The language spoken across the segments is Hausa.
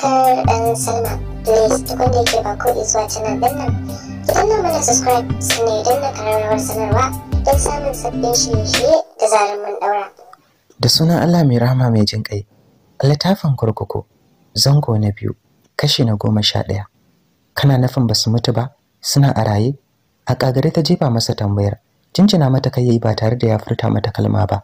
subscribe and sign up. Please da ba ko subscribe sanarwa don samun sabbin da sunan Allah mai rahama mai jin kai, littafin kurkuku, zango na biyu, kashi na goma sha ɗaya. Kana nufin ba su mutu ba, suna a raye? A ƙagare ta jefa masa tambayar, jinjina mata kai yayi ba tare da ya furta mata kalma ba.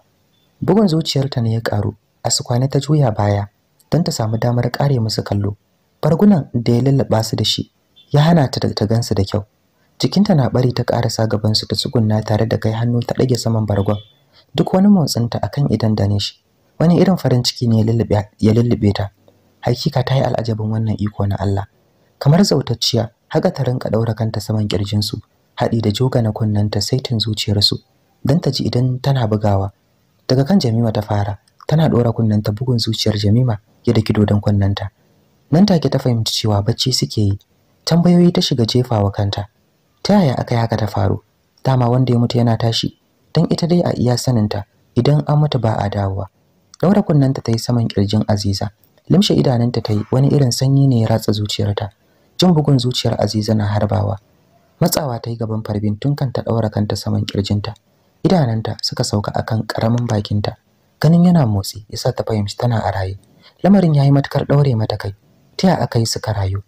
Bugun zuciyarta ne ya ƙaru, a sukwane ta juya baya, don ta samu damar kare musu kallo bargunan da ya lallaba su da shi ya hana ta ta gansu da kyau jikinta na bari ta karasa gaban su ta tsugunna tare da kai hannu ta ɗage saman bargon duk wani motsinta akan idan danish wani irin farin ciki ne ya lullube ta hakika ta yi al'ajabin wannan iko na Allah kamar zautacciya haka ta rinka daura kanta saman ƙirjinsu haɗi da joga na kunnanta saitin zuciyarsu don ta ji idan tana bugawa daga kan Jamima ta fara tana ɗora kunnanta bugun zuciyar Jamima ya daki dodon kunnanta nan take ta fahimci cewa bacci suke yi tambayoyi ta shiga jefawa kanta ta yaya aka yi haka ta faru dama wanda ya mutu yana tashi dan ita dai a iya saninta idan an mutu ba a dawowa daura kunnanta ta yi saman kirjin aziza limshe idananta ta yi wani irin sanyi ne ya ratsa zuciyarta jin bugun zuciyar aziza na harbawa matsawa ta yi gaban farbin tun kan ta daura kanta saman kirjinta idananta suka sauka akan karamin bakinta ganin yana motsi yasa ta fahimci tana a raye lamarin ya yi matukar ɗaure mata kai taya aka yi suka rayu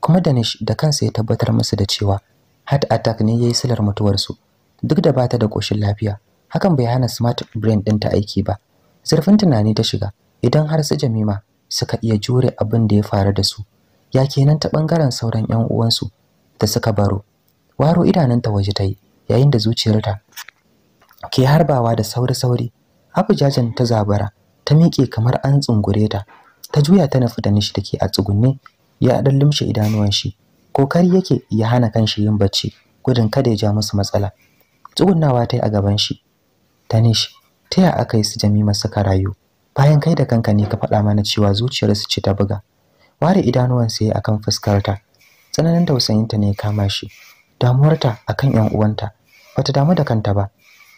kuma danish da kansa ya tabbatar musu da cewa heart attack ne ya yi silar mutuwarsu duk da bata da ƙoshin lafiya hakan bai hana smart brain ɗinta aiki ba zurfin tunani ta shiga idan har su jamima suka iya jure abin da ya faru da su ya kenan ta ɓangaren sauran 'yan uwansu da suka baro waro idanunta waje ta yi yayin da zuciyarta ke harbawa da sauri-sauri abujajen ta zabara ta miƙe kamar an tsungure ta ta juya ta nufi Danish da ke a tsugunne ya dan limshe idanuwan shi kokari yake ya hana kanshi yin bacci gudun kada ya ja musu matsala tsugunnawa ta yi a gaban shi Danish ta ya aka yi su Jamima suka rayu bayan kai da kanka ne ka faɗa mana cewa zuciyar su ce ta buga ware idanuwan sai akan fuskarta tsananin tausayinta ne ya kama shi damuwarta akan yan uwanta bata damu da kanta ba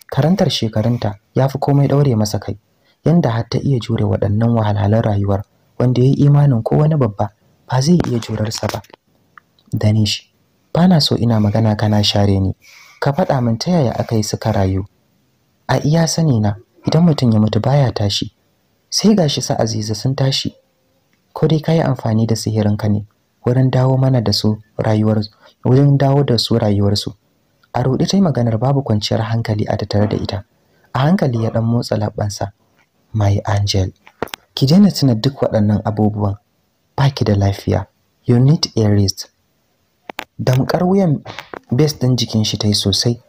karantar shekarunta ya fi komai ɗaure masa kai yanda har ta iya jure waɗannan wahalhalan rayuwar wanda ya yi imanin ko wani babba ba zai iya jurarsa ba danish ba na so ina magana kana share ni ka faɗa min ta yaya aka yi suka rayu a iya sani na idan mutum ya mutu baya tashi sai gashi sa aziza sun tashi ko dai kayi amfani da sihirin ka ne wurin dawo mana da su rayuwar wurin dawo da su rayuwarsu a ruɗe ta maganar babu kwanciyar hankali a tattare da ita a hankali ya ɗan motsa labbansa my angel ki daina tuna duk waɗannan abubuwan ba ki da lafiya you need a rest damƙar wuyan best ɗin jikin shi ta yi sosai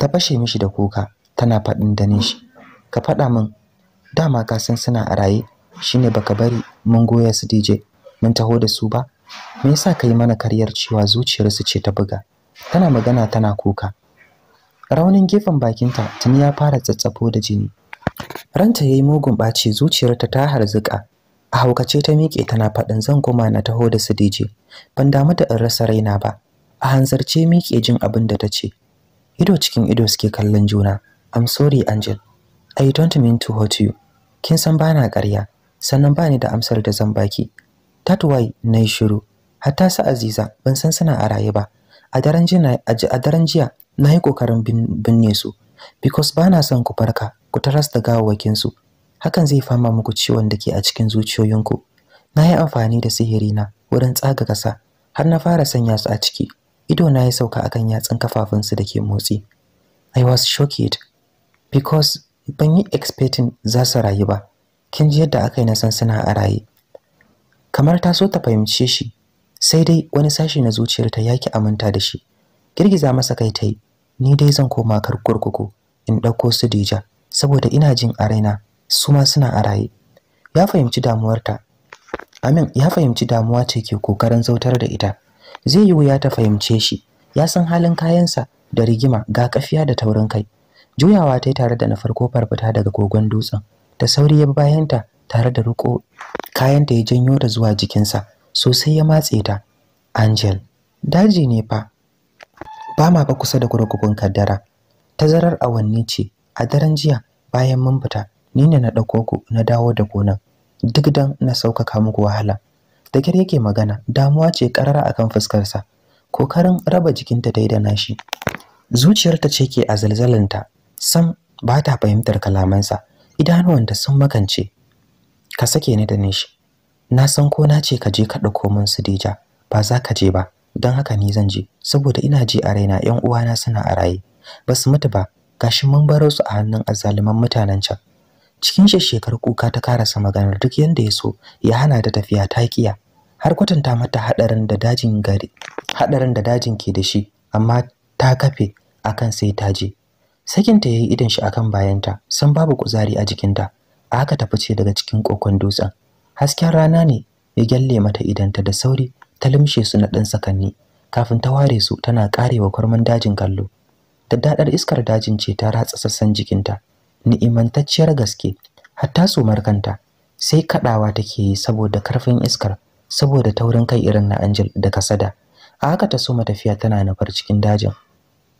ta fashe mishi da kuka tana faɗin danin shi ka faɗa min dama ka san suna a raye shine baka bari mun goya su DJ mun taho da su ba me yasa ka yi mana karyar cewa su ce ta buga tana magana tana kuka raunin gefen bakinta tuni ya fara tsatsafo da jini ranta yayi mugun ɓaci zuciyarta ta harzuka a haukace ta miƙe tana faɗin zan koma na taho da su dije ban damu da in rasa raina ba a hanzarce miƙe jin abin da ta ce ido cikin ido suke kallon juna i'm sorry angel i don't mean to hurt you kin san bana ƙarya sannan bani da amsar da zan baki that why na yi shiru hatta su aziza ban san suna a raye ba a daren jiya na yi ƙoƙarin binne su because ba na son ku farka ku taras da su hakan zai fama muku ciwon da ke a cikin zuciyoyinku na yi amfani da sihirina wurin tsaga ƙasa har na fara sanya su a ciki ido na ya sauka akan yatsun kafafunsu da ke motsi i was shocked because ban yi expecting za su rayu ba kin ji yadda aka yi na san suna a raye kamar ta so ta fahimce shi sai dai wani sashi na zuciyarta ya ki aminta da shi girgiza masa kai ta yi ni dai zan koma kar kurkuku in ɗauko su dija saboda ina jin a raina su ma suna a raye ya fahimci damuwarta amin ya fahimci damuwa ce ke kokarin zautar da ita zai yi wuya ta fahimce shi ya san halin kayansa da rigima ga kafiya da taurin kai juyawa ta yi tare da na farko farfita daga kogon dutsen da sauri ya bi bayanta tare da riko kayanta ya janyo da zuwa jikinsa sosai ya matse ta angel daji ne fa ba ma ba kusa da kurkukun kaddara tazarar awanni ce a daren jiya bayan mun fita ni ne na ɗauko ku na dawo da gonan. duk dan na sauƙaƙa muku wahala da kyar yake magana damuwa ce ƙarara kan fuskarsa kokarin raba jikinta ta yi da nashi zuciyarta ce ke a zalzalanta sam ba ta fahimtar kalamansa idanuwanta sun makance ka sake ni da nishi na san ko na ce ka je ka ɗauko min su dija ba za ka je ba don haka ni zan je saboda ina ji a raina yan uwana suna a raye ba su mutu ba gashi mun baro su a hannun azzaluman mutanen can cikin shekar kuka ta karasa maganar duk yanda ya so ya hana ta tafiya ta kiya har kwatanta mata hadarin da dajin gari hadarin da dajin ke da shi amma ta kafe akan sai ta je sakinta yayi idan shi akan bayanta san babu kuzari a jikinta a haka ta fice daga cikin kokon dutsen hasken rana ne ya gyalle mata idanta da sauri ta limshe su na dan sakanni kafin ta ware su tana karewa kwarman dajin kallo Da dadar iskar dajin ce ta ratsa sassan jikinta ni'imantacciyar gaske hatta su markanta sai kaɗawa take yi saboda karfin iskar saboda taurin kai irin na Angel da kasada a haka ta soma tafiya tana nufar cikin dajin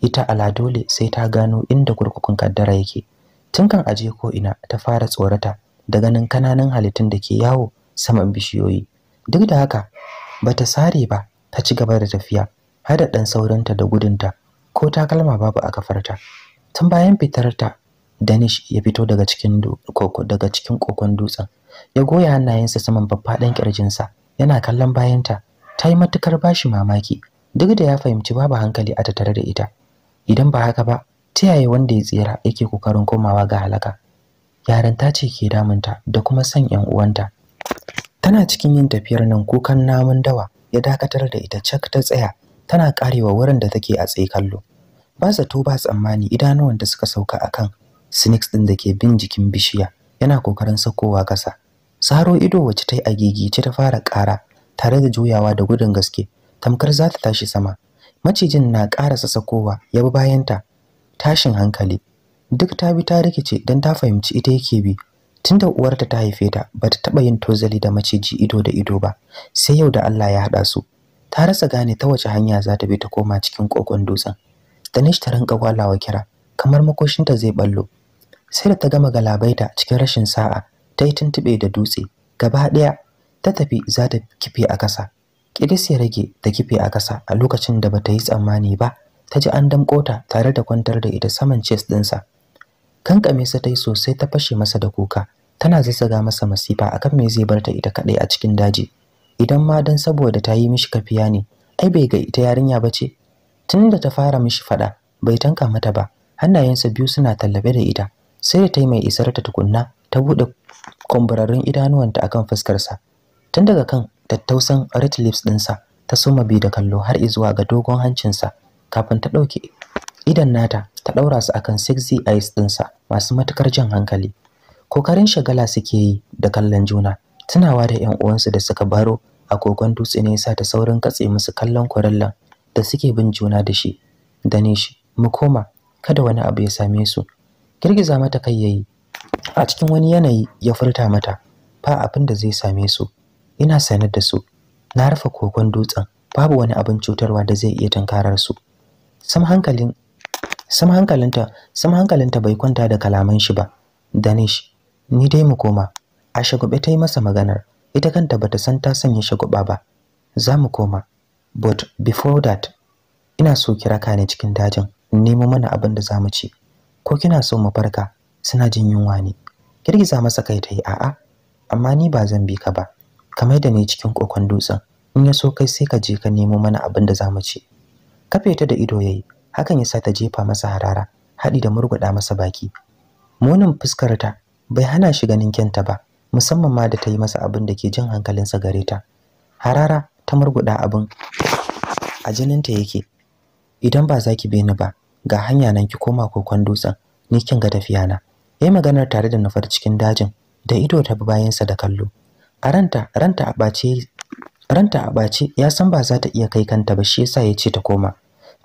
ita ala dole sai ta gano inda kurkukun kaddara yake tun kan aje ko ina ta fara tsorata da ganin kananan halittun da ke yawo saman bishiyoyi duk da haka bata sare ba ta ci gaba da tafiya har da ɗan saurinta da gudunta ko takalma babu a kafarta tun bayan fitarta danish ya fito daga cikin koko daga cikin kokon dutsen ya goya hannayensa saman babbaɗan kirjinsa yana kallon bayanta ta yi matukar bashi mamaki duk da ya fahimci babu hankali a tattare da ita idan ba haka ba ta yaya wanda ya tsira yake kokarin komawa ga halaka ta ce ke damunta da kuma son yan uwanta tana cikin yin tafiyar nan kukan namun dawa ya dakatar da ita cak ta tsaya tana karewa wurin da take a tsaye kallo ba zato ba tsammani idanuwan da suka sauka akan snakes din da ke bin jikin bishiya yana kokarin sakowa kasa saro ido wacce ta yi agigice ta fara kara tare da juyawa da gudun gaske tamkar za ta tashi sama macijin na ƙara sakowa ya bi bayanta tashin hankali duk ta bi ta rikice don ta fahimci ita yake bi tunda uwarta ta haife ta bata taɓa yin tozali da maciji ido da ido ba sai yau da Allah ya haɗa su ta rasa gane ta wace hanya za ta bi ta koma cikin kokon dutsen Danish ta rinka kwalawa kira kamar makoshinta zai ballo sai da ta gama galabaita cikin rashin sa'a ta yi tuntube da dutse gaba ɗaya ta tafi za ta kife a ƙasa Kidis ya rage ta kife a ƙasa a lokacin da ba ta yi tsammani ba ta ji an damƙo tare da kwantar da ita saman chest ɗinsa kankame sa ta yi sosai ta fashe masa da kuka tana zazzaga masa masifa akan me zai bar ta ita kaɗai a cikin daji idan ma dan saboda ta yi mishi kafiya ne ai bai ga ita yarinya ba ce tun da ta fara mishi faɗa bai tanka mata ba hannayensa biyu suna tallabe da ita sai da ta yi mai isar ta tukunna ta buɗe kumburarrun idanuwanta akan fuskarsa tun daga kan tattausan red lips ɗinsa ta soma bi da kallo har izuwa ga dogon hancinsa kafin ta ɗauke idan nata ta ɗaura su akan sexy eyes ɗinsa masu matukar jan hankali kokarin shagala suke yi da kallon juna tunawa da 'yan uwansu da suka baro agogon dutse ne yasa ta saurin katse musu kallon kurallan da suke bin juna da shi dane shi mu koma kada wani abu ya same su girgiza mata kai yayi a cikin wani yanayi ya furta mata ba abin da zai same su ina sanar da su na rufe kogon dutsen babu wani abin cutarwa da zai iya tunkarar su sam hankalin sam hankalinta sam hankalinta bai kwanta da kalaman shi ba danish ni dai mu koma a shagube ta yi masa maganar ita kanta bata san ta sanya shaguba ba zamu koma but before that ina so ki raka ni cikin dajin in nemo mana abin da zamu ci ko kina so mu farka suna jin yunwa ne girgiza masa kai ta yi a'a amma ni ba zan bi ka ba kamar da ni cikin kokon dutsen in ya so kai sai ka je ka nemo mana abin da zamu ci kafe ta da ido yayi hakan ya sa ta jefa masa harara haɗi da murguɗa masa baki fuskar fuskarta bai hana shi ganin kyanta ba musamman ma da ta yi masa abin da ke jin hankalinsa gare ta harara ta murguda abin a jininta yake idan ba za ki bi ni ba ga hanya nan ki koma kokon dutsen ni kin ga tafiya na yayi maganar tare da nufar cikin dajin da ido ta bi bayansa da kallo a ranta ranta a bace ranta a ya san ba za ta iya kai kanta ba shi yasa ya ce ta koma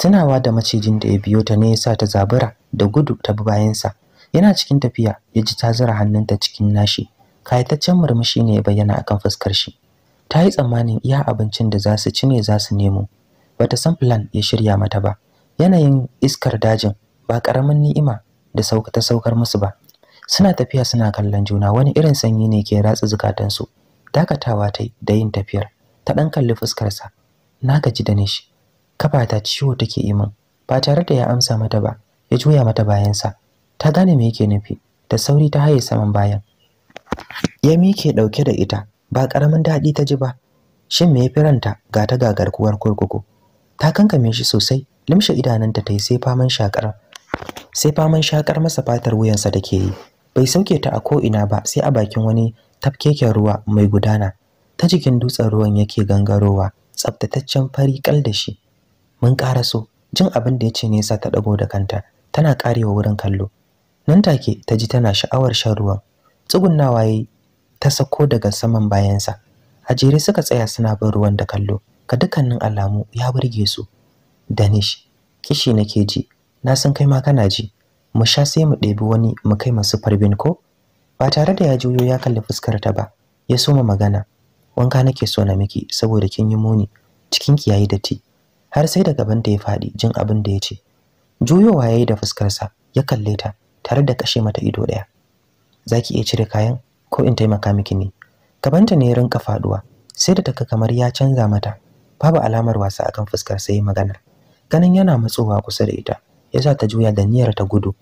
tunawa da macijin da ya biyo ta ne yasa ta zabura da gudu ta bi bayansa yana cikin tafiya ya ji tazara zura hannunta cikin nashi kayataccen murmushi ne ya bayyana akan fuskar shi ta yi tsammanin iya abincin da za su ci ne za su nemo bata san plan ya shirya mata ba yanayin iskar dajin ba karamin ni'ima da sauka ta saukar musu ba suna tafiya suna kallon juna wani irin sanyi ne ke ratsa su. dakatawa ta da yin tafiyar ta dan kalli fuskarsa na gaji da nishi ta ciwo take yi min ba tare da ya amsa mata ba ya juya mata bayansa ta gane me yake nufi da sauri ta haye saman bayan ya mike ɗauke da ita ba ƙaramin daɗi ta ji ba shin me ya fi ranta ga ta gagar garkuwar kurkuku ta kankame shi sosai limshe idanunta ta yi sai faman shakar sai faman shakar masa fatar wuyansa da ke yi bai sauke ta a ko'ina ba sai a bakin wani tafkeken ruwa mai gudana ta jikin dutsen ruwan yake gangarowa tsabtataccen fari kal da shi mun so, jin abin da ya ce nesa ta ɗago da kanta tana karewa wurin kallo nan take ta ji tana sha'awar shan ruwan tsugunnawa ya ta sako daga saman bayansa a jere suka tsaya suna bin ruwan da kallo ka dukkanin alamu ya burge su danish kishi nake ji na san kai ma kana ji mu sha sai mu ɗebi wani mu kai masu farbin ko ba tare da ya juyo ya kalli fuskar ta ba ya soma magana wanka nake so na miki saboda kin yi muni cikin ki yayi datti har sai da gaban ta ya faɗi jin abin da ya ce juyowa yayi da fuskarsa ya kalle ta tare da kashe mata ido ɗaya zaki iya cire kayan ko in taimaka miki ne gabanta ne ya rinka faduwa sai da taka kamar ya canza mata babu alamar wasa akan fuskar sai magana ganin yana matsowa kusa da ita yasa ta juya da niyyar ta gudu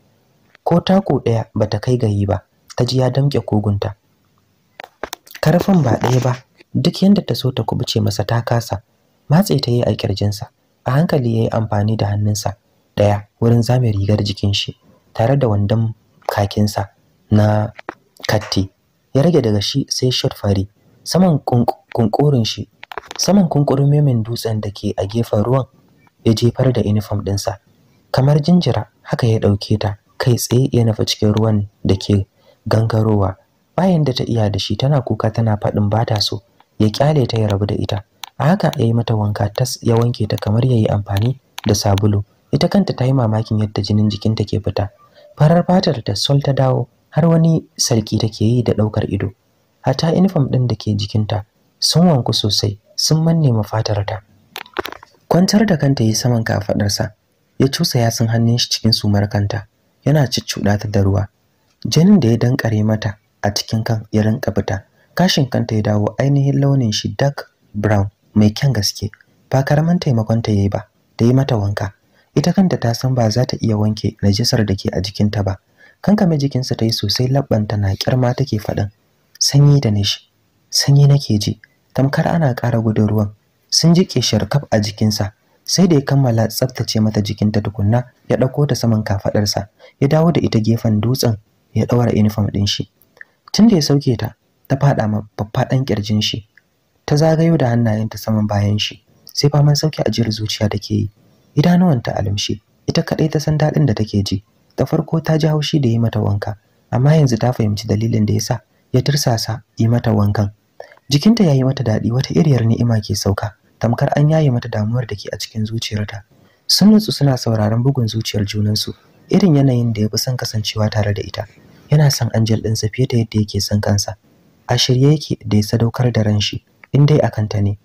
ko tako daya bata kai gayi ba ta ji ya damke kogunta karfin ba ɗaya ba duk yanda ta so ta kubuce masa ta kasa matse ta yi a kirjinsa a hankali ya yi amfani da hannunsa ɗaya wurin zame rigar jikin shi tare da wandon kakinsa na katti ya rage daga shi sai shot fari saman kunkurin shi saman kunkurin memin dutsen da ke a gefen ruwan ya jefar da uniform ɗinsa kamar jinjira haka ya ɗauke ta kai tsaye ya nufa cikin ruwan da ke gangarowa bayan da ta iya da shi tana kuka tana faɗin bata so ya kyale ta ya rabu da ita a haka ya yi mata wanka tas ya wanke ta kamar ya yi amfani da sabulu ita kanta ta yi mamakin yadda jinin jikinta ke fita farar fatar da sol ta dawo har wani sarki take yi da ɗaukar ido hata uniform ɗin da ke jikinta sun wanku sosai sun manne mafatarta kwantar da kanta yi saman kafaɗarsa ya cusa yasin hannun shi cikin sumar kanta yana ciccuɗa ta da ruwa Janin da ya dankare mata a cikin kan ya rinka fita kashin kanta ya dawo ainihin launin shi dark brown mai kyan gaske ba karaman taimakon ta yayi ba da yi mata wanka ita kanta ta san ba za ta iya wanke najisar da ke a jikinta ba kankame jikinsa ta yi sosai labbanta na kirma take faɗin sanyi da nishi sanyi nake ji tamkar ana ƙara gudun ruwan sun jike sharkaf a jikinsa sai da ya kammala tsaftace mata jikinta tukunna ya ɗauko ta saman kafaɗarsa ya dawo da ita gefen dutsen ya ɗaura uniform ɗin shi tunda ya sauke ta ta faɗa ma faffaɗan ƙirjin shi ta zagayo da hannayen ta saman bayan shi sai faman sauke ajiyar zuciya take yi idanuwanta alamshi? ita kaɗai ta san daɗin da take ji da farko ta ji haushi da yi mata wanka amma yanzu ta fahimci dalilin da yasa ya tirsasa yi mata wankan jikinta ya yi mata daɗi wata iriyar ni'ima ke sauka tamkar an yaye mata damuwar da ke a cikin zuciyarta sun nutsu suna sauraron bugun zuciyar junansu irin yanayin da ya fi son kasancewa tare da ita yana son angel ɗinsa fiye da yadda yake son kansa a shirye yake da ya sadaukar da ran shi in dai a kanta ne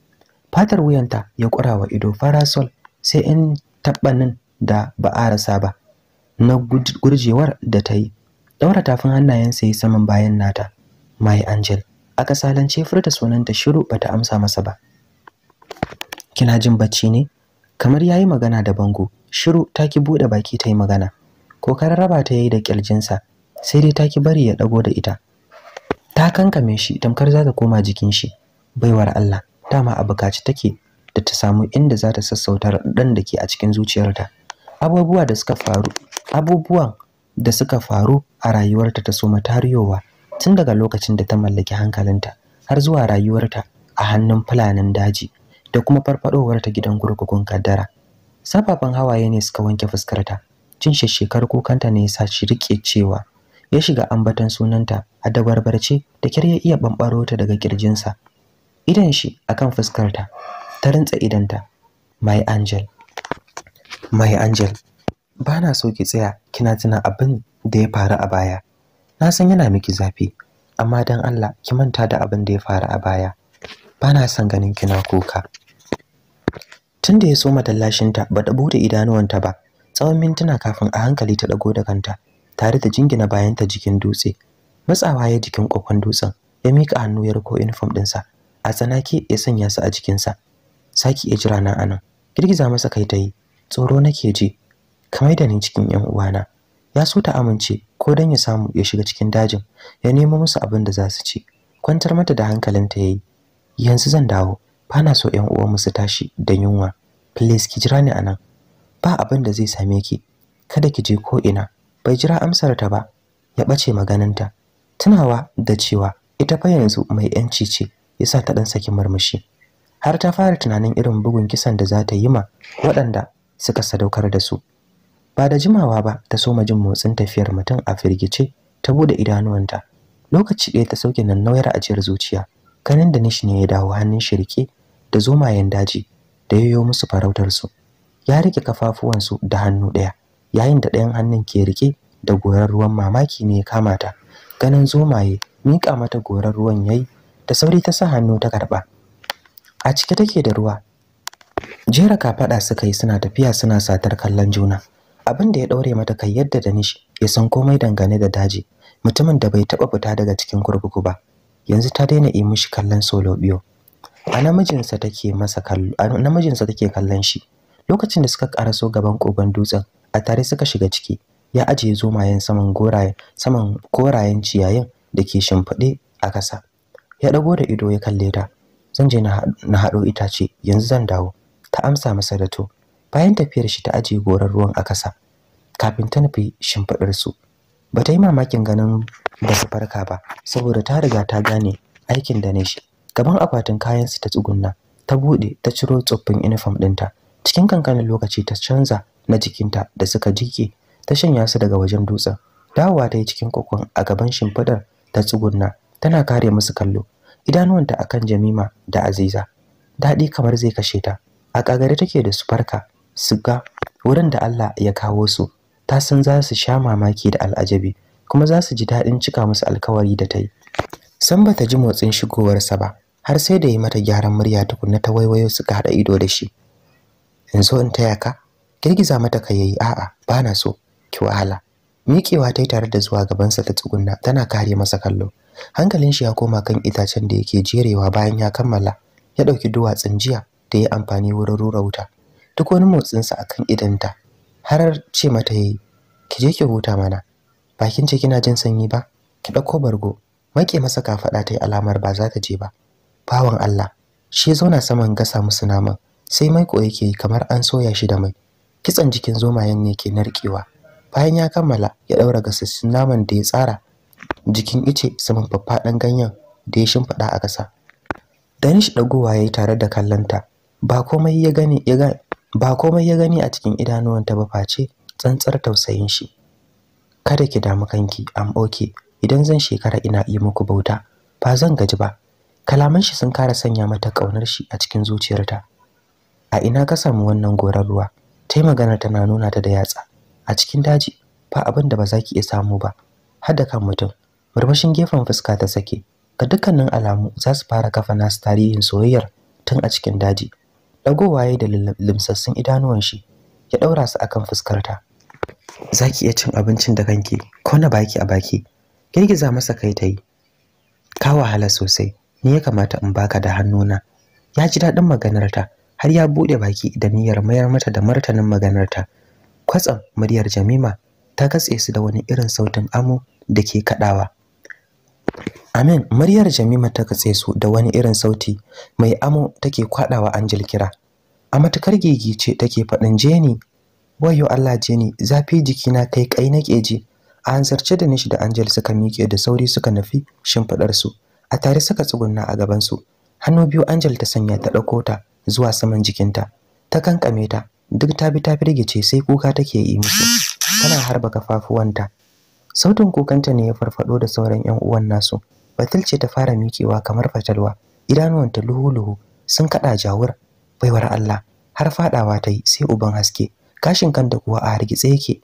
fatar wuyanta ya ƙura wa ido farasol sai in taɓanin da ba a rasa ba na gurjewar da ta yi ɗaura tafin hannayensa ya saman bayan nata mai angel a kasalance furta sunanta shiru bata amsa masa ba kina jin bacci ne kamar yayi magana da bango shiru ta ki bude baki ta yi magana kokarin raba ta yayi da kirjinsa sai dai ta ki bari ya dago da ita ta kankame shi tamkar za ta koma jikin shi baiwar Allah dama a bukaci take da ta samu inda za ta sassauta ɗan da ke a cikin zuciyarta abubuwa da suka faru abubuwan da suka faru a rayuwarta ta soma tariyowa tun daga lokacin da ta mallaki hankalinta har zuwa rayuwarta a hannun fulanin daji da kuma ta gidan gurgugun kaddara sababin hawaye ne suka wanke fuskarta cin shekar kukanta ne yasa shi rike cewa ya shiga ambaton sunanta a dabarbarce da kyar ya iya bambaro ta daga kirjinsa idan shi akan fuskarta ta rintsa idanta my angel my angel ba na so ki tsaya kina tuna abin da ya faru a baya na san yana miki zafi amma dan Allah ki manta da abin da ya faru a baya ba na son ganin kina kuka tunda ya soma matallashinta ba ta bude idanuwanta ba tsawon mintuna kafin a hankali ta ɗago da kanta tare da jingina bayanta jikin dutse matsawa ya jikin kokon dutsen ya mika hannu ya riko uniform sa a tsanaki ya sanya su a jikinsa saki ya jira nan anan girgiza masa kai ta yi tsoro nake ji ka da ni cikin yan uwana ya so ta amince ko dan ya samu ya shiga cikin dajin ya nemo musu abin da za su ci kwantar mata da hankalinta yayi yanzu zan dawo bana so yan mu su tashi da yunwa please ki jira ni anan ba abin da zai same ki kada ki je ko ina bai jira amsar ta ba ya bace magananta tunawa da cewa ita fa yanzu mai yanci ce yasa ta dan saki murmushi har ta fara tunanin irin bugun kisan da za ta yi ma waɗanda suka sadaukar da su ba da jimawa ba ta soma jin motsin tafiyar mutum a firgice ta bude idanuwanta lokaci ɗaya ta sauke nan nauyar ajiyar zuciya kanin da nishi ne ya dawo hannun shirke da zomayen daji da yoyo musu farautarsu ya rike kafafuwansu da hannu ɗaya yayin da ɗayan hannun ke rike da gorar ruwan mamaki ne ya kamata, ganin zomaye miƙa mata gorar ruwan yayi da sauri ta sa hannu ta karɓa a cike take da ruwa jera kafaɗa suka yi suna tafiya suna satar kallon juna abin da ya daure mata kai yadda Danish ya san komai dangane da daji mutumin da bai taba fita daga cikin kurkuku ba yanzu ta daina yi mishi kallon solo biyo a namijinsa take masa kallo a namijinsa take kallon shi lokacin da suka karaso gaban kogon dutsen a tare suka shiga ciki ya ajiye zomayen saman goraye saman korayen ciyayin da ke shimfiɗe a ƙasa ya ɗago da ido ya kalle ta zan je na haɗo itace yanzu zan dawo ta amsa masa da to bayan tafiyar shi ta ajiye goran ruwan a kasa kafin ta nufi shimfiɗar su ba ta yi mamakin ganin ba su farka ba saboda ta riga ta gane aikin da ne shi gaban akwatin kayan su ta tsugunna ta buɗe ta ciro tsoffin uniform ɗinta cikin kankanin lokaci ta canza na jikinta da suka jike ta shanya su daga wajen dutsen dawowa ta yi cikin kokon a gaban shimfidar ta tsugunna tana kare musu kallo idanuwanta akan Jamima da Aziza daɗi kamar zai kashe ta a kagare take da su farka su ga wurin da Allah ya kawo su ta san za su sha mamaki da al'ajabi kuma za su ji daɗin cika musu alkawari da ta yi san ba ta ji motsin shigowarsa ba har sai da yi mata gyaran murya tukunna ta waiwayo suka haɗa ido da shi in zo in taya ka girgiza mata ka yayi a'a ba na so ki wahala miƙewa ta yi tare da zuwa gabansa ta tsugunna tana kare masa kallo hankalin shi ya koma kan itacen da yake jerewa bayan ya kammala ya ɗauki duwatsun jiya da ya amfani wurin rura wuta duk wani motsinsa a kan idanta har ce mata yi, ki je ki huta mana bakin ce kina jin sanyi ba ki ɗauko bargo Maƙe masa ta yi alamar ba za ta je ba bawan Allah shi ya zauna saman gasa musu naman sai mai ko yake kamar an soya shi da mai kitsan jikin zomayen ne ke narkewa bayan ya kammala ya ɗaura gasassun naman da ya tsara jikin ice saman faffaɗan ganyen da ya shimfiɗa a ƙasa danish ya yi tare da kallanta ba komai ya gani ya ba komai ya gani a cikin idanuwanta ba face tsantsar tausayin shi kada ki damu kanki am oke. idan zan shekara ina yi muku bauta ba zan gaji ba kalaman shi sun kara sanya mata kaunar shi a cikin zuciyarta a ina ka samu wannan gorar ruwa tai magana tana nuna ta da yatsa a cikin daji ba abin da ba za ki iya samu ba har da kan mutum murmushin gefen fuska ta sake ga dukkanin alamu za su fara kafa nasu tarihin soyayyar tun a cikin daji dagowa ya da limsassun idanuwan shi ya ɗaura su akan fuskarta zaki iya cin abincin da kanki ko na baki a baki girgiza masa kai ta yi ka wahala sosai ni ya kamata in baka da hannuna ya ji daɗin maganarta har ya buɗe baki da niyyar mayar mata da martanin maganarta kwatsam muryar jamima ta katse su da wani irin sautin amo da ke kaɗawa Amin muryar Jamima ta katse su da wani irin sauti mai amo take kwadawa Angel kira. A matakar gigi ce take faɗin ni, Wayo Allah je ni, zafi jikina kai kai nake ji. A hanzarce da nishi da Angel suka miƙe da sauri suka nafi shimfiɗar su. A tare suka tsugunna a gaban su. Hannu biyu Angel ta sanya ta ɗauko ta zuwa saman jikinta. Ta kankame ta duk ta bi ta firgice sai kuka take yi musu. Tana harba kafafuwanta. Sautin kukanta ne ya farfado da sauran 'yan uwan nasu. batul ce ta fara mikewa kamar fatalwa idanuwanta luhu-luhu sun kada jawur baiwar Allah har fadawa ta yi sai uban haske gashin kanta kuwa a hargitse yake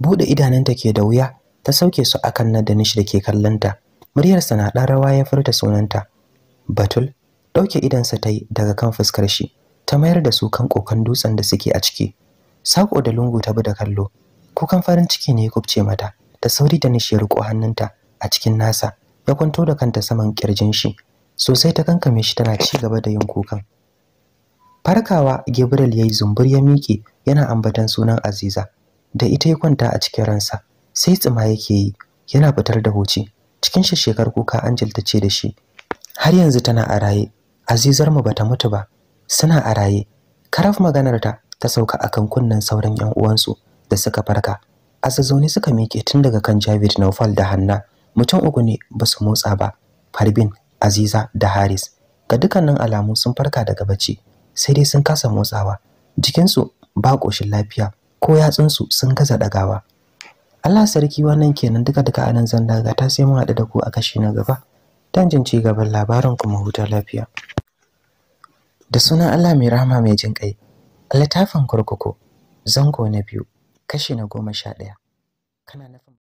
bude idananta ke da wuya ta sauke su akan na Danish da ke kallanta muryarsa na dan rawa ya furta sunanta batul dauke idansa ta yi daga kan fuskar shi ta mayar da su kan kokan dutsen da suke a ciki sako da lungu ta bi da kallo kukan farin ciki ne ya kubce mata ta sauri da nishi riko hannunta a cikin nasa ya kwanto da kanta saman kirjin shi sosai ta kankame shi tana ci gaba da yin kukan farkawa gabriel yayi zumbur ya miƙe yana ambatan sunan aziza da ita ya kwanta a cikin ransa sai tsima yake yi yana fitar da huci cikin shi shekar kuka angel ta ce da shi har yanzu tana a raye azizar mu bata mutu ba suna a raye karaf maganar ta ta sauka akan kunnen sauran yan uwansu da suka farka a suka miƙe tun daga kan Javid Naufal da Hanna mutum uku ne ba su motsa ba farbin aziza da haris ga dukkanin alamu sun farka daga bacci sai dai sun kasa motsawa jikinsu ba ƙoshin lafiya ko yatsunsu sun gaza ɗagawa Allah sarki wannan kenan duka duka anan zan daga ta sai mun haɗu da ku a kashi na gaba dan jin ci gaban labarin kuma huta lafiya da sunan Allah mai rahama mai jin kai littafin kurkuku zango na biyu kashi na goma sha ɗaya kana